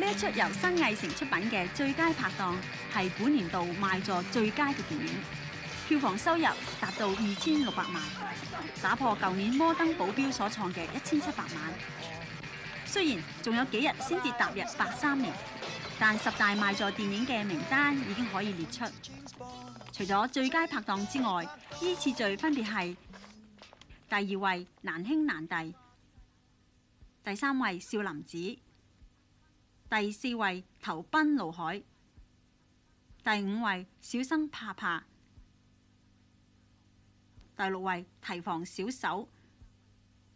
呢一齣由新藝城出品嘅《最佳拍檔》係本年度賣座最佳嘅電影，票房收入達到二千六百萬，打破舊年《摩登保鏢》所創嘅一千七百萬。雖然仲有幾日先至踏入八三年，但十大賣座電影嘅名單已經可以列出。除咗《最佳拍檔》之外，依次序分別係第二位《難兄難弟》，第三位《少林寺》。第四位投奔怒海，第五位小生怕怕，第六位提防小手，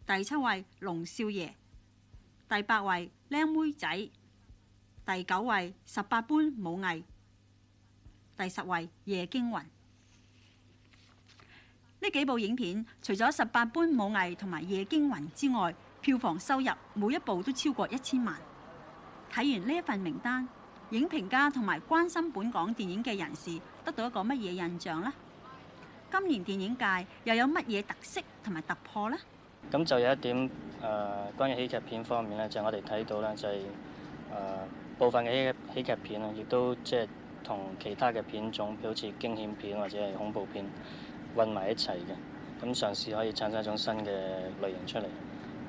第七位龍少爺，第八位靚妹仔，第九位十八般武藝，第十位夜驚魂。呢幾部影片除咗十八般武藝同埋夜驚魂之外，票房收入每一部都超過一千萬。睇完呢一份名單，影評家同埋關心本港電影嘅人士得到一個乜嘢印象呢？今年電影界又有乜嘢特色同埋突破呢？咁就有一點誒、呃，關於喜劇片方面咧，就係、我哋睇到咧，就係、係、誒、呃、部分嘅喜喜劇片啊，亦都即係同其他嘅片種，好似驚險片或者係恐怖片混埋一齊嘅，咁嘗試可以產生一種新嘅類型出嚟。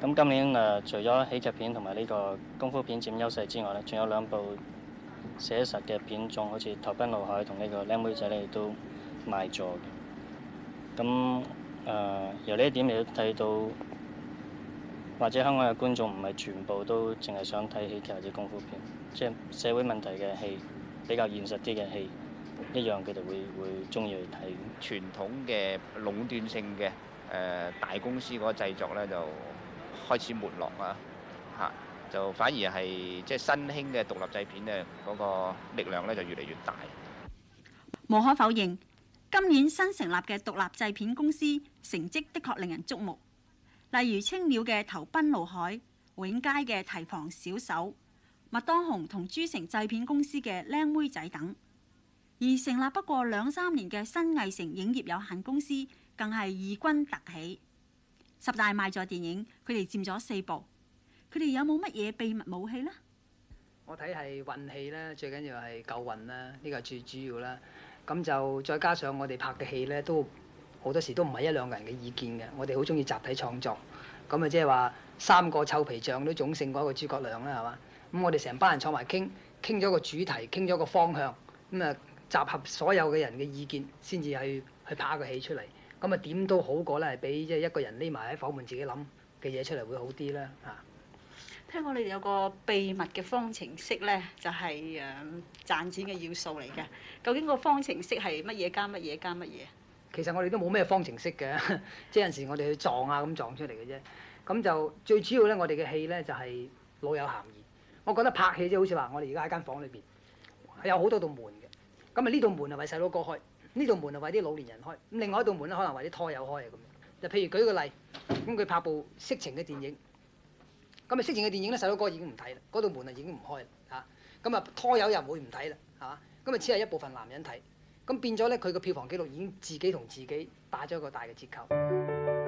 咁今年誒、啊、除咗喜劇片同埋呢個功夫片佔優勢之外咧，仲有兩部寫實嘅片，仲好似《投奔怒海》同呢、呢個《靚妹仔》咧，你都賣座嘅。咁誒、呃、由呢一點你都睇到，或者香港嘅觀眾唔係全部都淨係想睇喜劇或者功夫片，即係社會問題嘅戲比較現實啲嘅戲一樣，佢哋會會中意去睇。傳統嘅壟斷性嘅誒、呃、大公司嗰個製作咧就～開始沒落啊！就反而係即係新興嘅獨立製片咧，嗰個力量咧就越嚟越大。無可否認，今年新成立嘅獨立製片公司成績，的確令人矚目。例如青鳥嘅《投奔怒海》，永佳嘅《提防小手》，麥當雄同珠城製片公司嘅《靚妹仔》等。而成立不過兩三年嘅新藝城影業有限公司，更係異軍突起。十大賣座電影，佢哋佔咗四部，佢哋有冇乜嘢秘密武器呢？我睇係運氣啦，最緊要係夠運啦，呢個係最主要啦。咁就再加上我哋拍嘅戲呢，都好多時都唔係一兩個人嘅意見嘅，我哋好中意集體創作。咁啊，即係話三個臭皮匠都總勝過一個諸葛亮啦，係嘛？咁我哋成班人坐埋傾，傾咗個主題，傾咗個方向，咁啊，集合所有嘅人嘅意見，先至去去拍個戲出嚟。咁啊，點都好過咧，係俾即係一個人匿埋喺房門自己諗嘅嘢出嚟會好啲啦嚇。啊、聽講你哋有個秘密嘅方程式咧，就係、是、誒、呃、賺錢嘅要素嚟嘅。究竟個方程式係乜嘢加乜嘢加乜嘢？其實我哋都冇咩方程式嘅，即係有陣時我哋去撞啊咁撞出嚟嘅啫。咁就最主要咧，我哋嘅戲咧就係、是、老有含義。我覺得拍戲即好似話，我哋而家喺間房裏邊，係有好多道門嘅。咁啊，呢道門啊為細佬過去。呢度門啊為啲老年人開，咁另外一道門咧可能為啲拖友開啊咁。就譬如舉個例，咁佢拍部色情嘅電影，咁啊色情嘅電影咧細佬哥已經唔睇啦，嗰道門啊已經唔開啦嚇。咁啊拖友又唔會唔睇啦，係啊嘛？咁啊只係一部分男人睇，咁變咗咧佢個票房記錄已經自己同自己打咗一個大嘅折扣。